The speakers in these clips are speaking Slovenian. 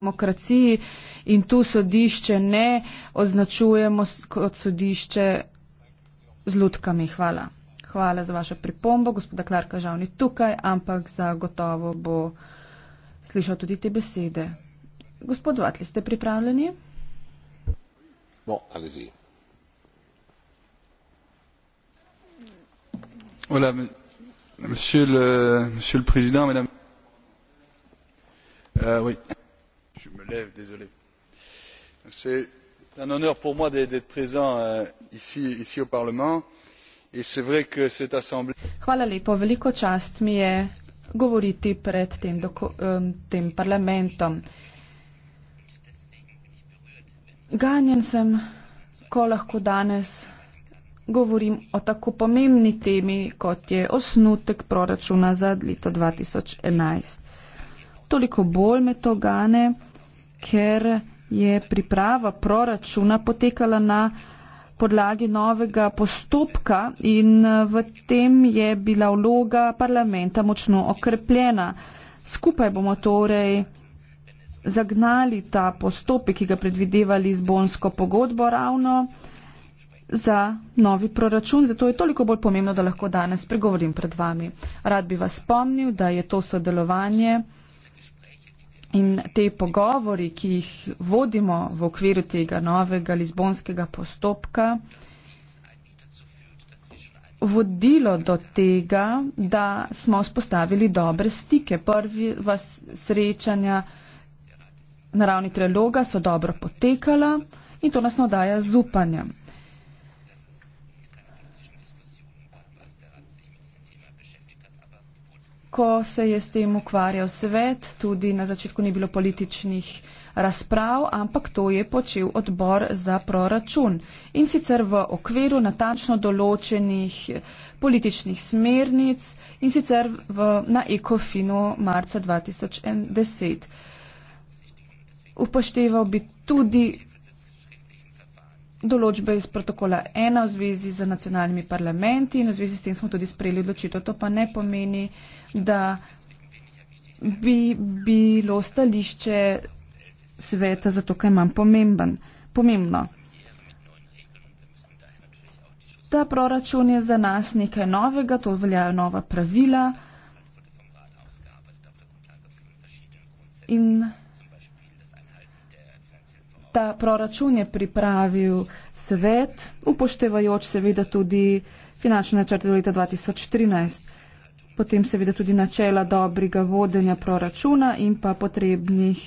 demokraciji in tu sodišče ne označujemo kot sodišče z lutkami. Hvala. Hvala za vašo pripombo. Gospoda Klarka žal ni tukaj, ampak zagotovo bo slišal tudi te besede. Gospod Vatli, ste pripravljeni? No, ali zi. Hvala. Monsieur le, monsieur le Président, Madame. Euh, oui je me lève désolé. c'est un honneur pour moi d'être présent euh, ici au parlement et c'est vrai que cette assemblée. Hvala lepo, veliko čast mi je govoriti pred tem, tem parlamentom. Ganjen sem, ko lahko danes govorim o tako pomembni temi, kot je osnutek proračuna za leto 2011. Toliko bolj me to gane ker je priprava proračuna potekala na podlagi novega postopka in eh, v tem je bila vloga parlamenta močno okrepljena. Skupaj bomo torej zagnali ta postopek, ki ga predvidevali z bonsko pogodbo ravno za novi proračun. Zato je toliko bolj pomembno, da lahko danes pregovorim pred vami. Rad bi vas spomnil, da je to sodelovanje In te pogovori, ki jih vodimo v okviru tega novega lizbonskega postopka, vodilo do tega, da smo vzpostavili dobre stike. Prvi vas srečanja na ravni treloga so dobro potekala in to nas navdaja z upanjem. ko se je s tem ukvarjal svet, tudi na začetku ni bilo političnih razprav, ampak to je počel odbor za proračun. In sicer v okviru natančno določenih političnih smernic in sicer v, na ekofinu marca 2010. Upošteval bi tudi določbe iz protokola 1 v zvezi z nacionalnimi parlamenti in v zvezi s tem smo tudi sprejeli odločitev. To pa ne pomeni, da bi bilo stališče sveta zato, ker je manj pomemben. pomembno. Ta proračun je za nas nekaj novega, to veljajo nova pravila. In leta proračun je pripravil svet, upoštevajoč seveda tudi finančne načrte do leta 2013. Potem seveda tudi načela dobrega vodenja proračuna in pa potrebnih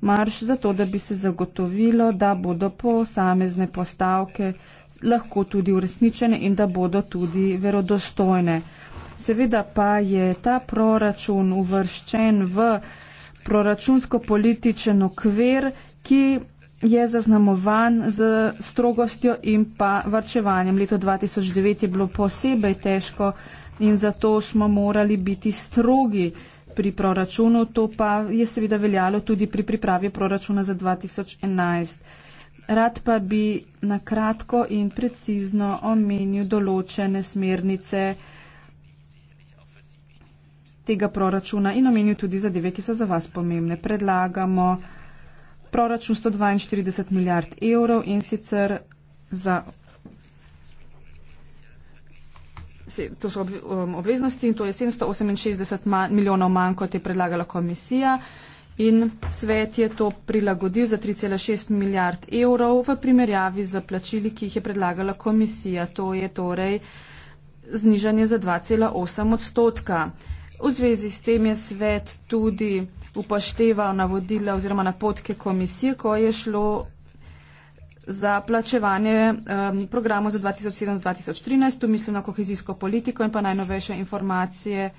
marš za to, da bi se zagotovilo, da bodo posamezne postavke lahko tudi uresničene in da bodo tudi verodostojne. Seveda pa je ta proračun uvrščen v proračunsko-političen okvir, ki je zaznamovan z strogostjo in pa varčevanjem. Leto 2009 je bilo posebej težko in zato smo morali biti strogi pri proračunu. To pa je seveda veljalo tudi pri pripravi proračuna za 2011. Rad pa bi na kratko in precizno omenil določene smernice tega proračuna in omenil tudi zadeve, ki so za vas pomembne. Predlagamo proračun 142 milijard evrov in sicer za. To so um, obveznosti in to je 768 milijonov manj, kot je predlagala komisija. In svet je to prilagodil za 3,6 milijard evrov v primerjavi z plačili, ki jih je predlagala komisija. To je torej znižanje za 2,8 odstotka. V zvezi s tem je svet tudi upošteval navodila oziroma napotke komisije, ko je šlo za plačevanje um, programov za 2007-2013, tu mislim na kohezijsko politiko in pa najnovejše informacije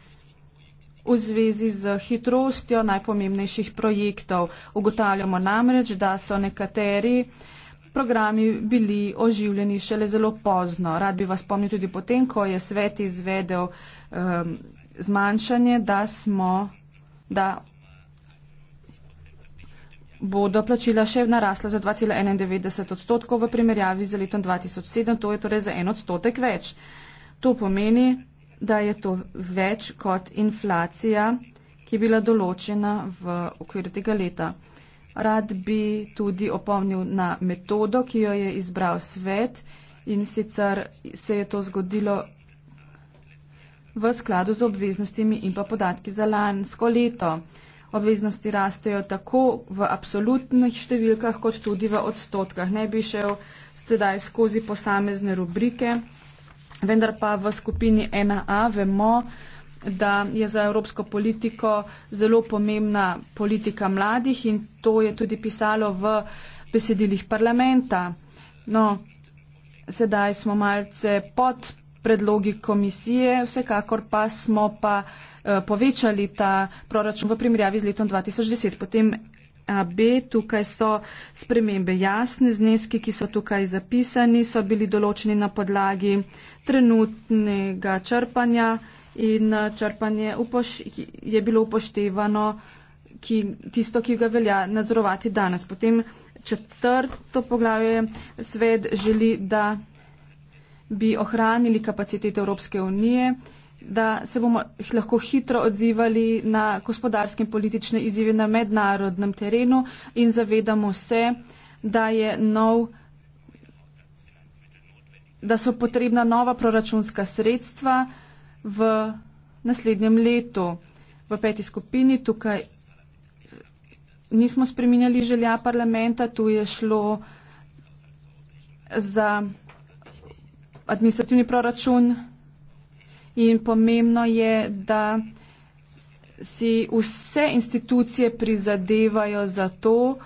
v zvezi z hitrostjo najpomembnejših projektov. Ugotavljamo namreč, da so nekateri programi bili oživljeni šele zelo pozno. Rad bi vas spomnil tudi potem, ko je svet izvedel um, zmanjšanje, da smo, da bodo plačila še narasla za 2,91 odstotkov v primerjavi z letom 2007, to je torej za en odstotek več. To pomeni, da je to več kot inflacija, ki je bila določena v okviru tega leta. Rad bi tudi opomnil na metodo, ki jo je izbral svet in sicer se je to zgodilo v skladu z obveznostimi in pa podatki za lansko leto. Obveznosti rastejo tako v absolutnih številkah, kot tudi v odstotkah. Ne bi šel sedaj skozi posamezne rubrike, vendar pa v skupini 1A vemo, da je za evropsko politiko zelo pomembna politika mladih in to je tudi pisalo v besedilih parlamenta. No, sedaj smo malce pod predlogi komisije, vsekakor pa smo pa eh, povečali ta proračun v primerjavi z letom 2010. Potem AB, tukaj so spremembe jasne, zneski, ki so tukaj zapisani, so bili določeni na podlagi trenutnega črpanja in eh, črpanje je bilo upoštevano ki, tisto, ki ga velja nazorovati danes. Potem četrto poglavje svet želi, da bi ohranili kapacitete Evropske unije, da se bomo lahko hitro odzivali na gospodarske in politične izzive na mednarodnem terenu in zavedamo se, da, nov, da so potrebna nova proračunska sredstva v naslednjem letu. V peti skupini tukaj nismo spreminjali želja parlamenta, tu je šlo za administrativni proračun in pomembno je, da si vse institucije prizadevajo za to,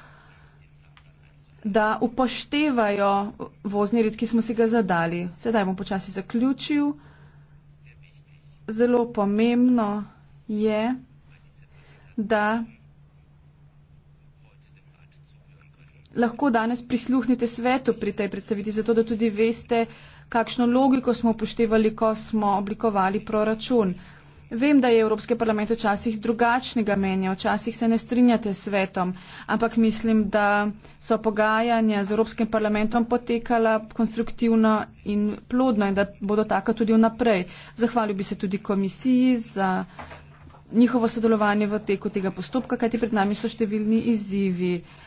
da upoštevajo vozni red, ki smo si ga zadali. Sedaj bom počasi zaključil. Zelo pomembno je, da lahko danes prisluhnite svetu pri tej predstaviti, zato da tudi veste, uh, kakšno logiko smo upoštevali, ko smo oblikovali proračun. Vem, da je Evropski parlament včasih drugačnega menja, včasih se ne strinjate s svetom, ampak mislim, da so pogajanja z Evropskim parlamentom potekala konstruktivno in plodno in da bodo taka tudi vnaprej. Zahvalil bi se tudi komisiji za njihovo sodelovanje v teku tega postopka, kajti pred nami so številni izzivi. Uh,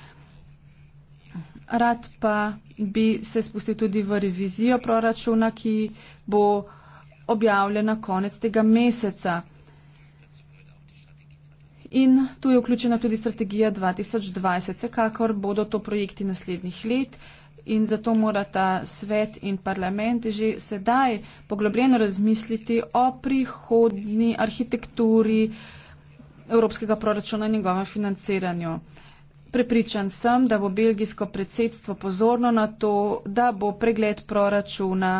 rad pa bi se spustil tudi v revizijo proračuna, ki bo objavljena konec tega meseca. In tu je vključena tudi strategija 2020, vsekakor bodo to projekti naslednjih let in zato morata svet in parlament že sedaj poglobljeno razmisliti o prihodni arhitekturi evropskega proračuna in njegovem financiranju. Prepričan sem, da bo belgijsko predsedstvo pozorno na to, da bo pregled proračuna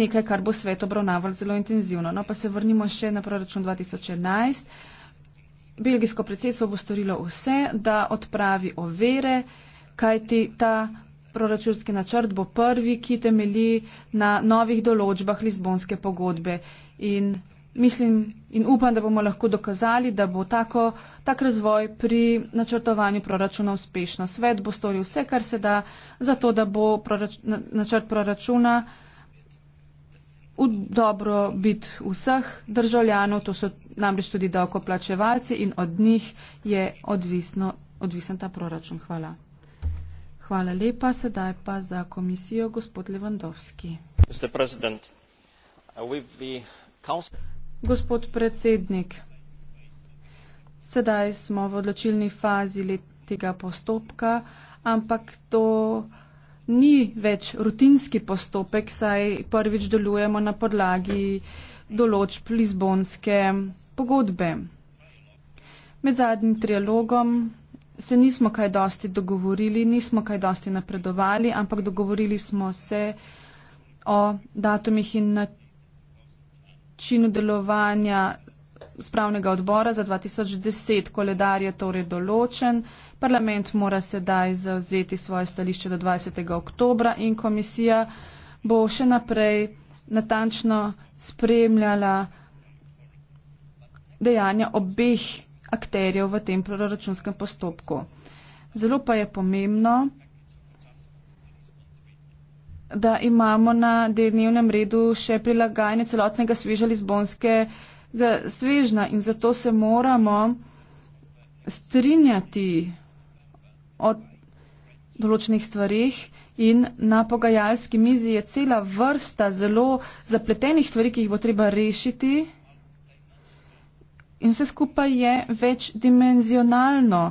nekaj, kar bo svet obravnaval zelo intenzivno. No, pa se vrnimo še na proračun 2011. Belgijsko predsedstvo bo storilo vse, da odpravi overe, kajti ta proračunski načrt bo prvi, ki temelji na novih določbah Lizbonske pogodbe. In Mislim in upam, da bomo lahko dokazali, da bo tako, tak razvoj pri načrtovanju proračuna uspešno. Svet bo storil vse, kar se da, zato da bo prorač, načrt proračuna v dobro bit vseh državljanov, to so namreč tudi davkoplačevalci in od njih je odvisno, odvisen ta proračun. Hvala. Hvala lepa, sedaj pa za komisijo gospod Levandovski. Mr. President, uh, Gospod predsednik, sedaj smo v odločilni fazi tega postopka, ampak to ni več rutinski postopek, saj prvič delujemo na podlagi določb Lizbonske pogodbe. Med zadnjim trialogom se nismo kaj dosti dogovorili, nismo kaj dosti napredovali, ampak dogovorili smo se o datumih in načinih načinu delovanja spravnega odbora za 2010. Koledar je torej določen. Parlament mora sedaj zauzeti svoje stališče do 20. oktobra in komisija bo še naprej natančno spremljala dejanja obeh akterjev v tem proračunskem postopku. Zelo pa je pomembno, da imamo na dnevnem redu še prilagajanje celotnega sveža Lizbonskega svežna in zato se moramo strinjati o določenih stvarih in na pogajalski mizi je cela vrsta zelo zapletenih stvari, ki jih bo treba rešiti in vse skupaj je večdimenzionalno.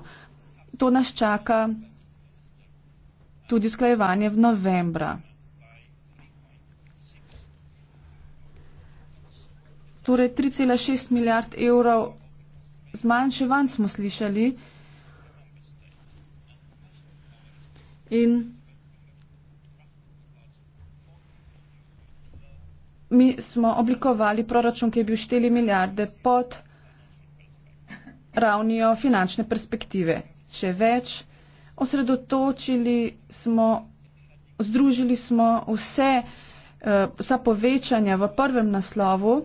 To nas čaka tudi usklajevanje v novembra. Torej 3,6 milijard evrov zmanjševanj smo slišali. In mi smo oblikovali proračun, ki je bil 4 milijarde pod ravnijo finančne perspektive. Če več, osredotočili smo, združili smo vse, eh, vsa povečanja v prvem naslovu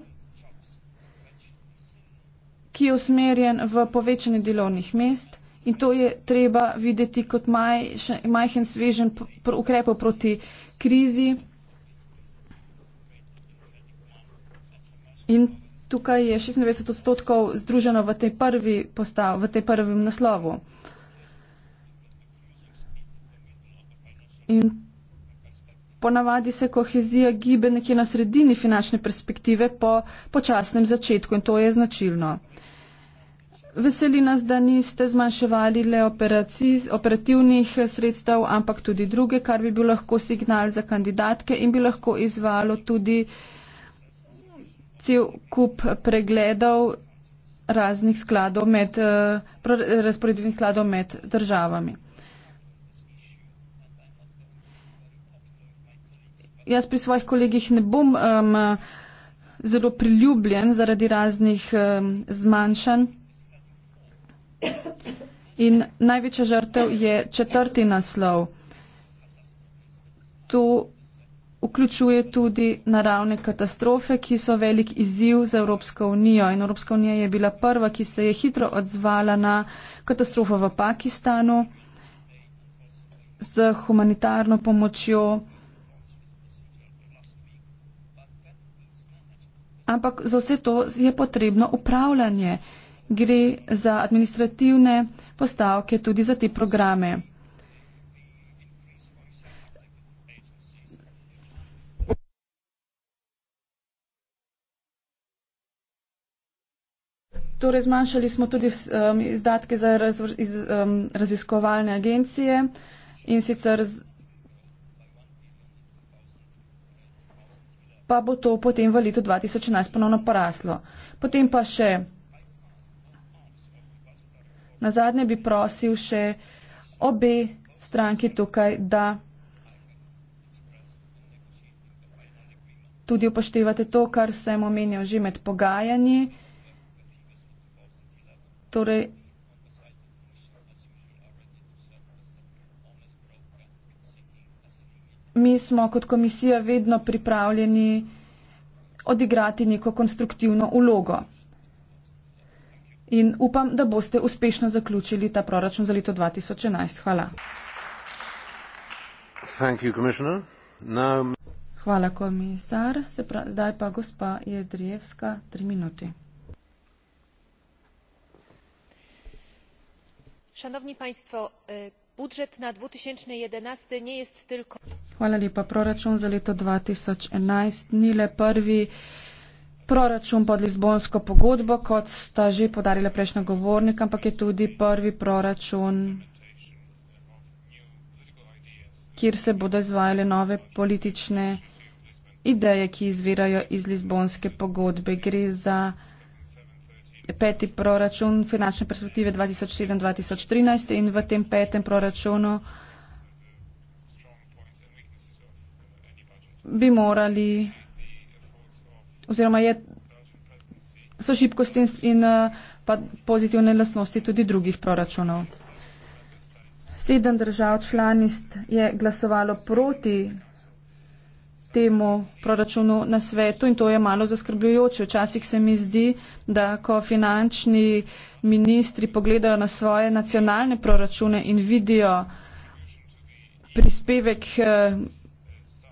ki je usmerjen v povečanje delovnih mest in to je treba videti kot maj, še, majhen svežen ukrepov proti krizi. In tukaj je 96 odstotkov združeno v tej prvi postav, v tej prvem naslovu. In ponavadi se kohezija gibe nekje na sredini finančne perspektive po počasnem začetku in to je značilno. Veseli nas, da niste zmanjševali le operativnih eh, sredstev, ampak tudi druge, kar bi bil lahko signal za kandidatke in bi lahko izvalo tudi cel kup pregledov raznih skladov med, eh, razporeditvenih skladov med državami. Jaz pri svojih kolegih ne bom um, zelo priljubljen zaradi raznih um, zmanjšanj. In največja žrtev je četrti naslov. To vključuje tudi naravne katastrofe, ki so velik izziv za Evropsko unijo. In Evropska unija je bila prva, ki se je hitro odzvala na katastrofo v Pakistanu z humanitarno pomočjo. Ampak za vse to je potrebno upravljanje gre za administrativne postavke tudi za te programe. Torej, zmanjšali smo tudi um, izdatke za raz, iz, um, raziskovalne agencije in sicer z, pa bo to potem v letu 2011 ponovno poraslo. Potem pa še Na zadnje bi prosil še obe stranki tukaj, da tudi upoštevate to, kar sem omenjal že med pogajanji. Torej, mi smo kot komisija vedno pripravljeni odigrati neko konstruktivno ulogo. In upam, da boste uspešno zaključili ta proračun za leto 2011. Hvala. You, Now... Hvala, komisar. Se pravi, zdaj pa gospa Jedrijevska, tri minuti. Šanovni panjstvo, budžet na 2011 ne je tylko... Hvala lepa. Proračun za leto 2011 ni le prvi proračun pod Lizbonsko pogodbo, kot sta že podarila prejšnja govornika, ampak je tudi prvi proračun, kjer se bodo izvajale nove politične ideje, ki izvirajo iz Lizbonske pogodbe. Gre za peti proračun finančne perspektive 2007-2013 in v tem petem proračunu bi morali oziroma je, so šibkosti in eh, pa pozitivne lasnosti tudi drugih proračunov. Sedem držav članist je glasovalo proti temu proračunu na svetu in to je malo zaskrbljujoče. Včasih se mi zdi, da ko finančni ministri pogledajo na svoje nacionalne proračune in vidijo prispevek eh,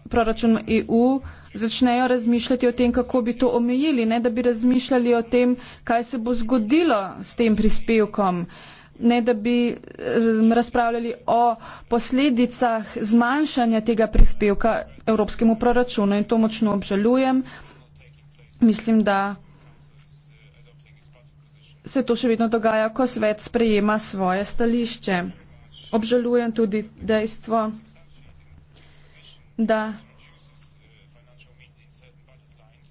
proračunom EU, začnejo razmišljati o tem, kako bi to omejili, ne da bi razmišljali o tem, kaj se bo zgodilo s tem prispevkom, ne da bi um, razpravljali o posledicah zmanjšanja tega prispevka evropskemu proračunu in to močno obžalujem. Mislim, da se to še vedno dogaja, ko svet sprejema svoje stališče. Obžalujem tudi dejstvo, da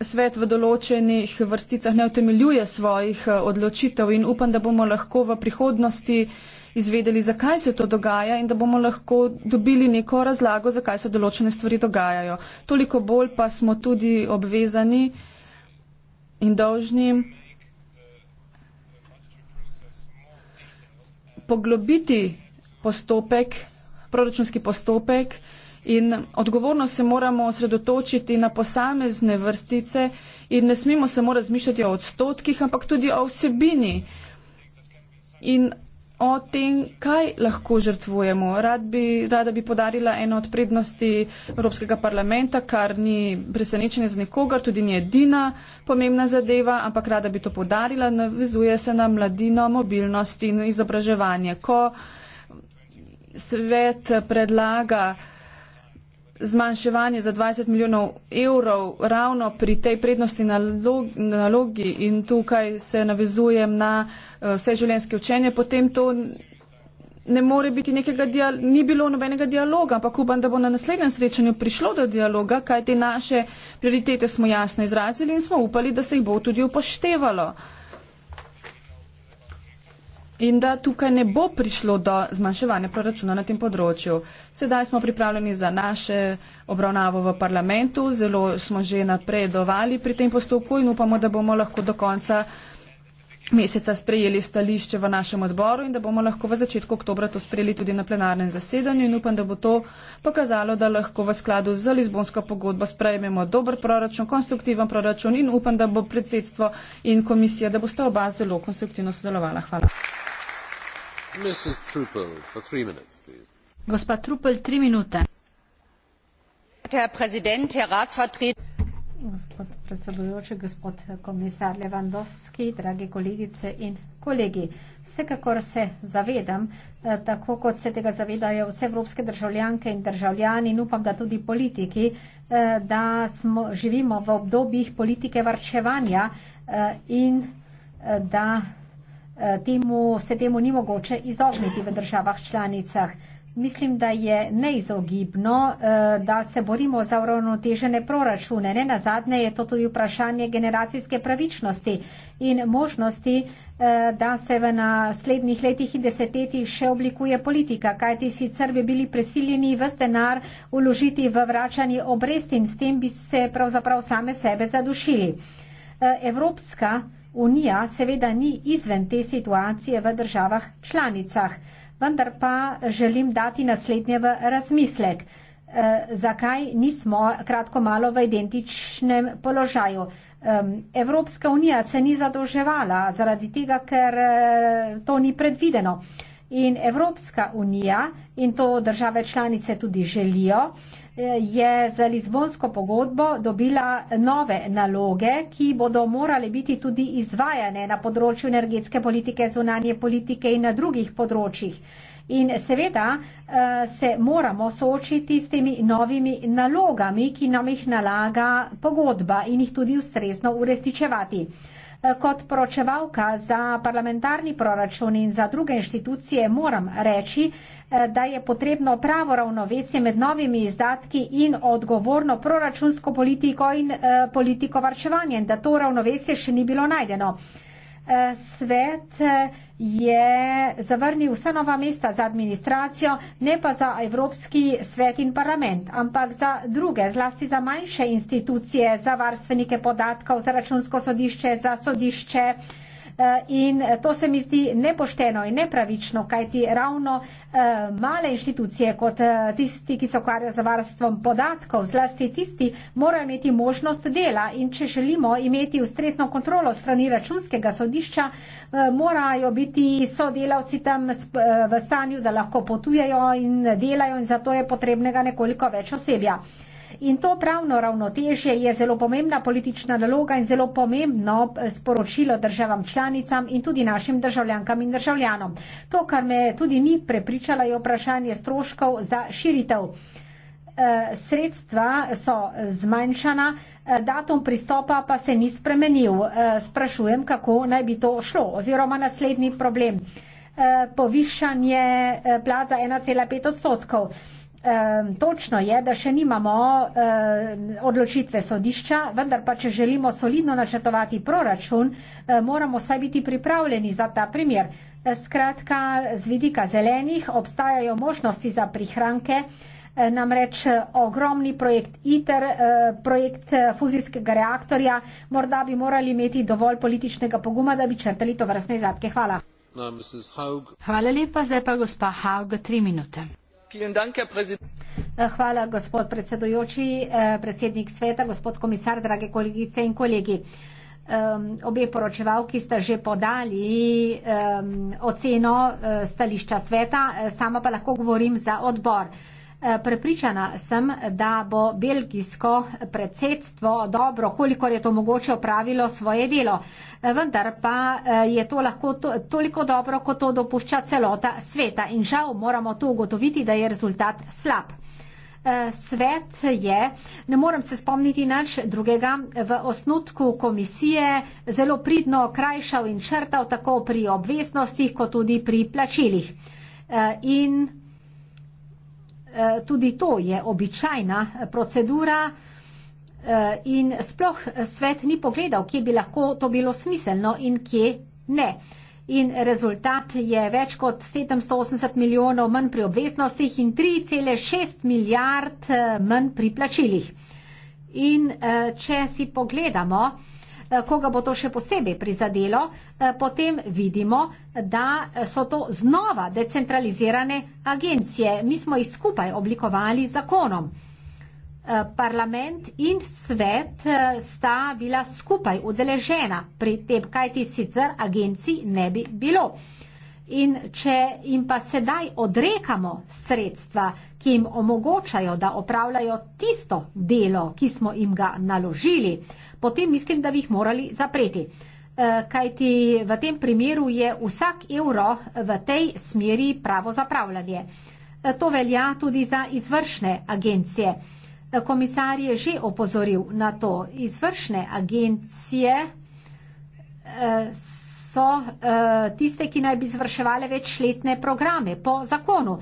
svet v določenih vrsticah ne utemeljuje svojih eh, odločitev in upam, da bomo lahko v prihodnosti izvedeli, zakaj se to dogaja in da bomo lahko dobili neko razlago, zakaj se določene stvari dogajajo. Toliko bolj pa smo tudi obvezani in dolžni poglobiti postopek, proračunski postopek, In odgovorno se moramo osredotočiti na posamezne vrstice in ne smemo samo razmišljati o odstotkih, ampak tudi o vsebini in o tem, kaj lahko žrtvujemo. Rad bi, rada bi podarila eno od prednosti Evropskega parlamenta, kar ni presenečenje za nikogar, tudi ni edina pomembna zadeva, ampak rada bi to podarila, navezuje se na mladino, mobilnost in izobraževanje. Ko svet predlaga, zmanjševanje za 20 milijonov evrov ravno pri tej prednosti nalogi, nalogi in tukaj se navezujem na eh, vse življenjske učenje, potem to ne more biti nekega dialoga, ni bilo nobenega dialoga, ampak upam, da bo na naslednjem srečanju prišlo do dialoga, kaj te naše prioritete smo jasno izrazili in smo upali, da se jih bo tudi upoštevalo in da tukaj ne bo prišlo do zmanjševanja proračuna na tem področju. Sedaj smo pripravljeni za naše obravnavo v parlamentu, zelo smo že napredovali pri tem postopku in upamo, da bomo lahko do konca meseca sprejeli stališče v našem odboru in da bomo lahko v začetku oktobra to sprejeli tudi na plenarnem zasedanju in upam, da bo to pokazalo, da lahko v skladu z Lizbonsko pogodbo sprejmemo dober proračun, konstruktiven proračun in upam, da bo predsedstvo in komisija, da boste oba zelo konstruktivno sodelovala. Hvala herr präsident herr ratsvertreter! vsekakor se zavedam eh, tako kot se tega zavedajo vse evropske državljanke in državljani in upam da tudi politiki eh, da smo živimo v obdobjih politike varčevanja eh, in da Eh, temu, se temu ni mogoče izogniti v državah članicah. Mislim, da je neizogibno, eh, da se borimo za uravnotežene proračune. Ne na zadnje je to tudi vprašanje generacijske pravičnosti in možnosti, eh, da se v naslednjih letih in desetletjih še oblikuje politika, kajti sicer bi bili prisiljeni vse denar uložiti v vračanje obresti in s tem bi se pravzaprav same sebe zadušili. Evropska Unija seveda ni izven te situacije v državah članicah, vendar pa želim dati naslednje v razmislek. Eh, zakaj nismo kratko malo v identičnem položaju? Evropska unija se ni zadolževala zaradi tega, ker eh, to ni predvideno. In Evropska unija in to države članice tudi želijo, je za Lizbonsko pogodbo dobila nove naloge, ki bodo morale biti tudi izvajane na področju energetske politike, zunanje politike in na drugih področjih. In seveda eh, se moramo soočiti s temi novimi nalogami, ki nam jih nalaga pogodba in jih tudi ustrezno uresničevati. Eh, kot poročevalka za parlamentarni proračun in za druge inštitucije moram reči, eh, da je potrebno pravo ravnovesje med novimi izdatki in odgovorno proračunsko politiko in politiko varčevanja in da to ravnovesje še ni bilo najdeno. Svet je zavrnil vsa nova mesta za administracijo, ne pa za Evropski svet in parlament, ampak za druge, zlasti za manjše institucije, za varstvenike podatkov, za računsko sodišče, za sodišče uh, Eh, in eh, to se mi zdi nepošteno in nepravično, kajti ravno eh, male inštitucije kot tisti, ki se ukvarjajo za varstvom podatkov, zlasti tisti, morajo imeti možnost dela. In če želimo imeti ustrezno kontrolo strani računskega sodišča, morajo biti sodelavci tam v stanju, da lahko potujejo in delajo in zato je potrebnega nekoliko več osebja. In to pravno ravnotežje je zelo pomembna politična naloga in zelo pomembno eh, sporočilo državam članicam in tudi našim državljankam in državljanom. To, kar me tudi ni prepričala, je vprašanje stroškov za širitev. Eh, sredstva so zmanjšana, eh, datum pristopa pa se ni spremenil. Sprašujem, kako naj bi to šlo oziroma naslednji problem. Povišanje plat za 1,5 odstotkov. Um, točno je, da še nimamo um, odločitve sodišča, vendar pa, če želimo solidno načrtovati proračun, um, moramo vsaj biti pripravljeni za ta primer. Skratka, z vidika zelenih obstajajo možnosti za prihranke, namreč ogromni projekt ITER, projekt fuzijskega reaktorja, morda bi morali imeti dovolj političnega poguma, da bi črtali to vrstne izdatke. Hvala. Hvala lepa, zdaj pa gospa Haug, tri minute. Eh, hvala, gospod predsedujoči, eh, predsednik sveta, gospod komisar, drage kolegice in kolegi. Obe poročevalki sta že podali oceno eh, stališča sveta, sama pa lahko govorim za odbor prepričana sem, da bo belgijsko predsedstvo dobro, kolikor je to mogoče opravilo svoje delo. Vendar pa eh, je to lahko to, toliko dobro, kot to dopušča celota sveta. In žal moramo to ugotoviti, da je rezultat slab. Eh, svet je, ne morem se spomniti naš drugega, v osnutku komisije zelo pridno krajšal in črtal tako pri obveznostih, kot tudi pri plačilih. Eh, in Eh, tudi to je običajna eh, procedura eh, in sploh svet ni pogledal, kje bi lahko to bilo smiselno in kje ne. In rezultat je več kot 780 milijonov manj pri obveznostih in 3,6 milijard manj pri plačilih. In če si pogledamo, Eh, koga bo to še posebej prizadelo, eh, potem vidimo, da so to znova decentralizirane agencije. Mi smo jih skupaj oblikovali zakonom. Eh, parlament in svet sta bila skupaj udeležena pri tem, kaj ti sicer agencij ne bi bilo. In če jim pa sedaj odrekamo sredstva, ki jim omogočajo, da opravljajo tisto delo, ki smo jim ga naložili, potem mislim, da bi jih morali zapreti. Eh, Kaj ti v tem primeru je vsak evro v tej smeri pravo zapravljanje. Eh, to velja tudi za izvršne agencije. Eh, komisar je že opozoril na to. Izvršne agencije so uh, tiste, ki naj bi zvrševali večletne programe po zakonu.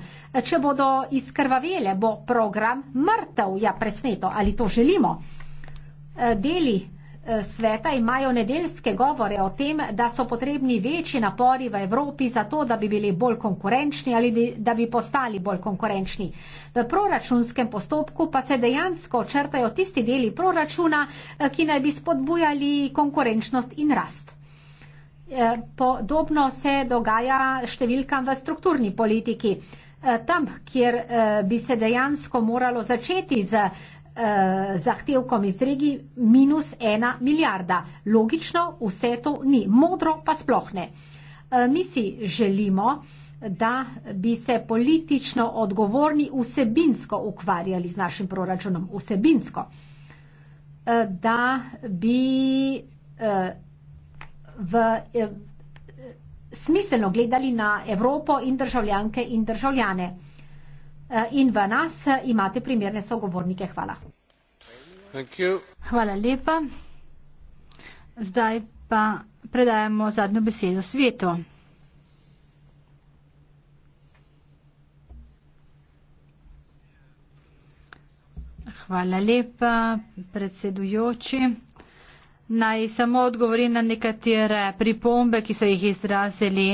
Če bodo izkrvavele, bo program mrtev, ja presneto, ali to želimo. Uh, deli uh, sveta imajo nedeljske govore o tem, da so potrebni večji napori v Evropi za to, da bi bili bolj konkurenčni ali da bi postali bolj konkurenčni. V proračunskem postopku pa se dejansko črtajo tisti deli proračuna, uh, ki naj bi spodbujali konkurenčnost in rast. Eh, podobno se dogaja številkam v strukturni politiki. Eh, tam, kjer eh, bi se dejansko moralo začeti z zahtevkom iz regi, minus ena milijarda. Logično vse to ni, modro pa sploh ne. Mi si želimo, da bi se politično odgovorni vsebinsko ukvarjali z našim proračunom, vsebinsko. Da bi v, eh, smiselno gledali na Evropo in državljanke in državljane. Eh, in v nas eh, imate primerne sogovornike. Hvala. Hvala lepa. Zdaj pa predajamo zadnjo besedo svetu. Hvala lepa, predsedujoči. Naj samo odgovori na nekatere pripombe, ki so jih izrazili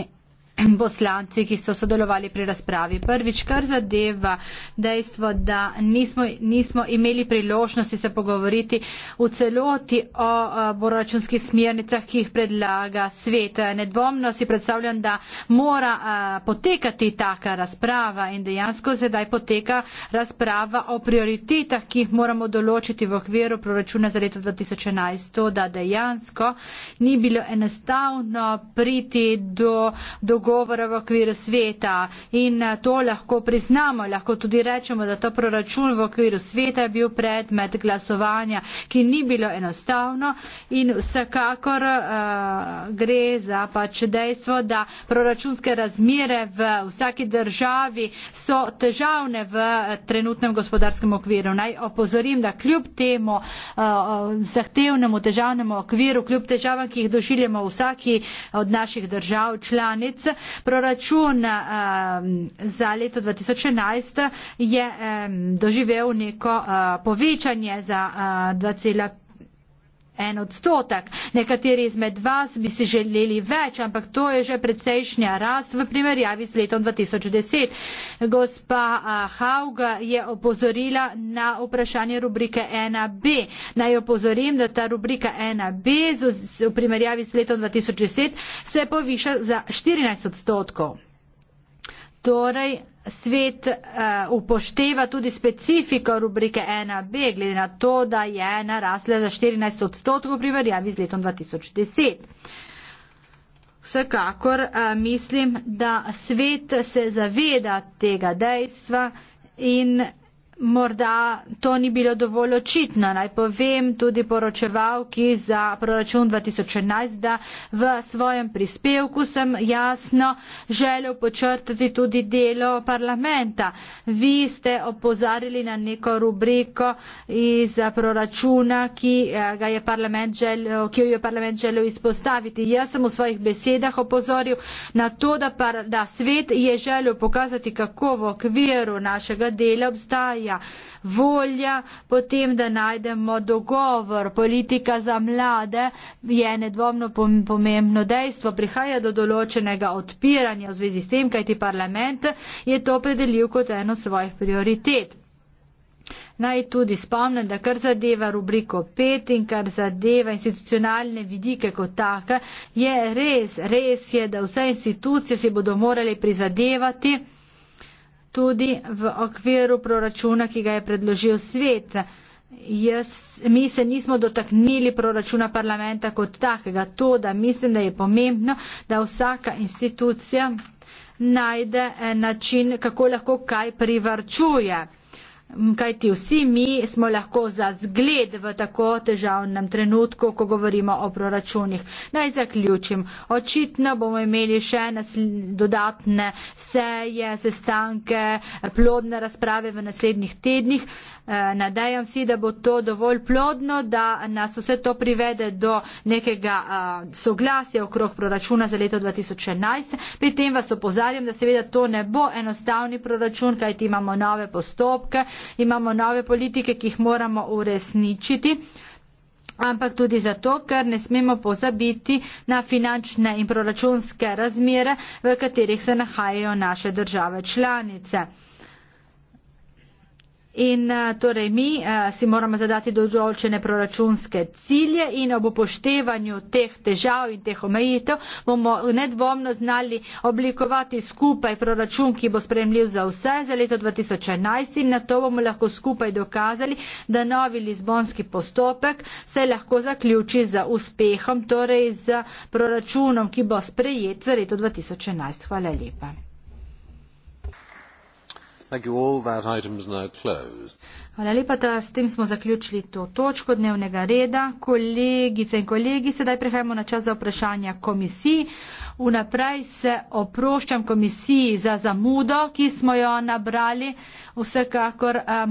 poslanci, ki so sodelovali pri razpravi. Prvič, kar zadeva dejstvo, da nismo, nismo imeli priložnosti se pogovoriti v celoti o boračunskih smernicah, ki jih predlaga svet. Nedvomno si predstavljam, da mora a, potekati taka razprava in dejansko sedaj poteka razprava o prioritetah, ki jih moramo določiti v okviru proračuna za leto 2011. To, da dejansko ni bilo enostavno priti do dogodka, govora v okviru sveta in eh, to lahko priznamo, lahko tudi rečemo, da to proračun v okviru sveta je bil predmet glasovanja, ki ni bilo enostavno in vsekakor uh, gre za pač dejstvo, da proračunske razmire v vsaki državi so težavne v eh, trenutnem gospodarskem okviru. Naj opozorim, da kljub temu uh, zahtevnemu državnemu okviru, kljub težavam, ki jih doživljamo vsaki od naših držav članic, Proračun ehm, za leto 2011 je ehm, doživel neko eh, povečanje za 2,5 eh, en odstotek. Nekateri izmed vas bi si želeli več, ampak to je že precejšnja rast v primerjavi z letom 2010. Gospa Haug je opozorila na vprašanje rubrike 1b. Naj opozorim, da ta rubrika 1b v primerjavi z letom 2010 se poviša za 14 odstotkov. Torej, svet uh, upošteva tudi specifiko rubrike 1b, glede na to, da je narasla za 14 odstotkov primerjavi z letom 2010. Vsekakor uh, mislim, da svet se zaveda tega dejstva in Morda to ni bilo dovolj očitno. Naj povem tudi poročevalki za proračun 2011, da v svojem prispevku sem jasno želel počrtati tudi delo parlamenta. Vi ste opozarili na neko rubriko iz proračuna, ki, eh, želel, ki jo je parlament želel izpostaviti. Jaz sem v svojih besedah opozoril na to, da, par, da svet je želel pokazati, kako v okviru našega dela obstaja volja. Volja potem, da najdemo dogovor. Politika za mlade je nedvomno pomembno dejstvo. Prihaja do določenega odpiranja v zvezi s tem, kajti parlament je to predelil kot eno svojih prioritet. Naj tudi spomnim, da kar zadeva rubriko 5 in kar zadeva institucionalne vidike kot taka, je res, res je, da vse institucije si bodo morali prizadevati tudi v okviru proračuna, ki ga je predložil svet. Jaz, mi se nismo dotaknili proračuna parlamenta kot takega. To, da mislim, da je pomembno, da vsaka institucija najde eh, način, kako lahko kaj privarčuje kajti vsi mi smo lahko za zgled v tako težavnem trenutku, ko govorimo o proračunih. Naj zaključim. Očitno bomo imeli še dodatne seje, sestanke, plodne razprave v naslednjih tednih. Eh, nadejam si, da bo to dovolj plodno, da nas vse to privede do nekega eh, soglasja okrog proračuna za leto 2011. Pri tem vas opozarjam, da seveda to ne bo enostavni proračun, kajti imamo nove postopke, imamo nove politike, ki jih moramo uresničiti. Ampak tudi zato, ker ne smemo pozabiti na finančne in proračunske razmere, v katerih se nahajajo naše države članice. In eh, torej mi eh, si moramo zadati določene proračunske cilje in ob upoštevanju teh težav in teh omejitev bomo nedvomno znali oblikovati skupaj proračun, ki bo spremljiv za vse za leto 2011 in na to bomo lahko skupaj dokazali, da novi lizbonski postopek se lahko zaključi z uspehom, torej z proračunom, ki bo sprejet za leto 2011. Hvala lepa. Hvala lepa, da s tem smo zaključili to točko dnevnega reda. Kolegice in kolegi, sedaj prehajamo na čas za vprašanja komisiji. Vnaprej se oproščam komisiji za zamudo, ki smo jo nabrali. Vsekakor, um,